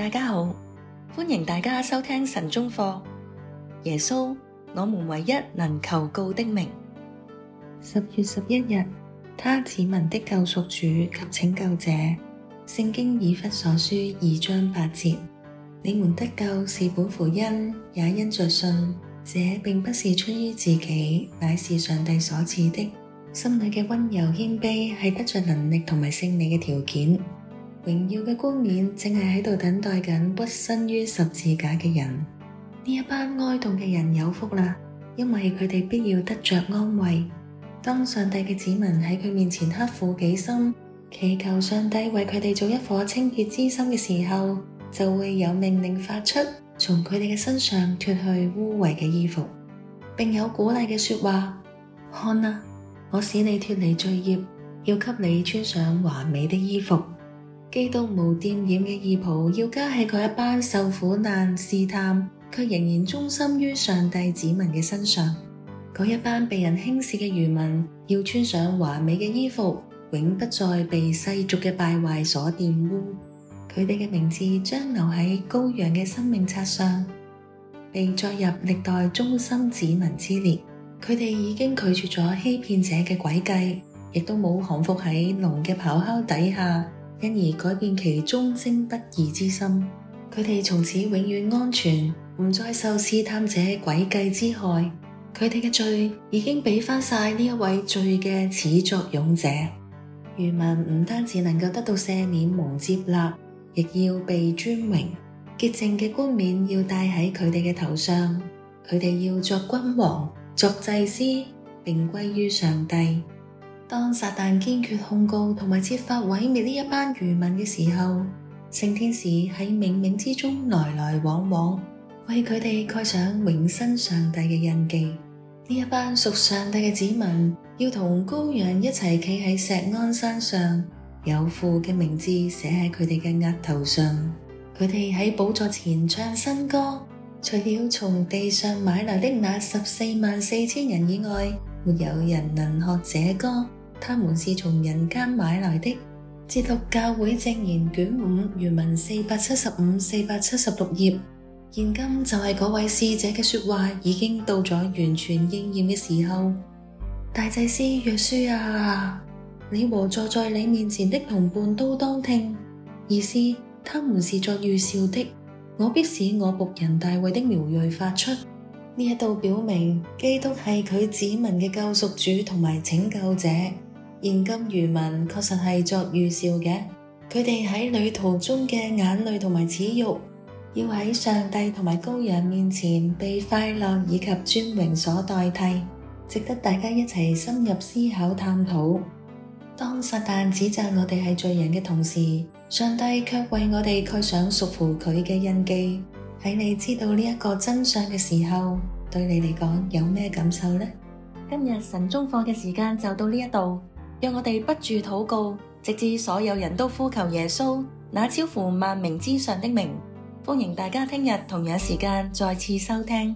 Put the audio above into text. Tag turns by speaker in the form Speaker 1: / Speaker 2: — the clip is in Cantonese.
Speaker 1: 大家好，歡迎大家收聽神中課。耶穌，我們唯一能求告的名。十月十一日，祂子民的救贖主及拯救者。聖經以弗所書二章八節：你們得救是本乎恩，也因着信。這並不是出於自己，乃是上帝所賜的。心裏嘅温柔謙卑係得着能力同埋勝利嘅條件。榮耀嘅冠冕，正係喺度等待緊屈身於十字架嘅人。呢一班哀慟嘅人有福啦，因為佢哋必要得着安慰。當上帝嘅子民喺佢面前刻苦己心，祈求上帝為佢哋做一顆清潔之心嘅時候，就會有命令發出，從佢哋嘅身上脱去污穢嘅衣服，並有鼓勵嘅說話：看啊，我使你脱離罪孽，要給你穿上華美的衣服。基督無玷染嘅義袍，要加喺佢一班受苦難試探，卻仍然忠心於上帝子民嘅身上。佢一班被人輕視嘅愚民，要穿上華美嘅衣服，永不再被世俗嘅敗壞所玷污。佢哋嘅名字將留喺高揚嘅生命冊上，被載入歷代忠心子民之列。佢哋已經拒絕咗欺騙者嘅詭計，亦都冇降服喺龍嘅咆哮底下。因而改變其忠貞不二之心，佢哋從此永遠安全，唔再受試探者詭計之害。佢哋嘅罪已經俾翻晒呢一位罪嘅始作俑者。漁民唔單止能夠得到赦免，蒙接納，亦要被尊榮，潔淨嘅冠冕要戴喺佢哋嘅頭上。佢哋要作君王、作祭司，並歸於上帝。當撒但堅決控告同埋設法毀滅呢一班餘民嘅時候，聖天使喺冥冥之中來來往往，為佢哋蓋上永生上帝嘅印記。呢一班屬上帝嘅子民，要同羔羊一齊企喺錫安山上，有父嘅名字寫喺佢哋嘅額頭上。佢哋喺寶座前唱新歌，除了從地上買來的那十四萬四千人以外，沒有人能學這歌。他們是從人間買來的。節讀教會證言卷五原文四百七十五、四百七十六頁。現今就係嗰位使者嘅說話已經到咗完全應驗嘅時候。大祭司約書亞啊，你和坐在你面前的同伴都當聽，意思他們是在預兆的，我必使我僕人大衛的苗裔發出。呢一度表明基督係佢子民嘅救贖主同埋拯救者。現今餘民確實係作預兆嘅，佢哋喺旅途中嘅眼淚同埋恥辱，要喺上帝同埋羔羊面前被快樂以及尊榮所代替，值得大家一齊深入思考探討。當撒旦指責我哋係罪人嘅同時，上帝卻為我哋蓋上屬乎佢嘅印記。喺你知道呢一個真相嘅時候，對你嚟講有咩感受呢？今日神中課嘅時間就到呢一度。讓我哋不住禱告，直至所有人都呼求耶穌，那超乎萬名之上的名。歡迎大家聽日同樣時間再次收聽。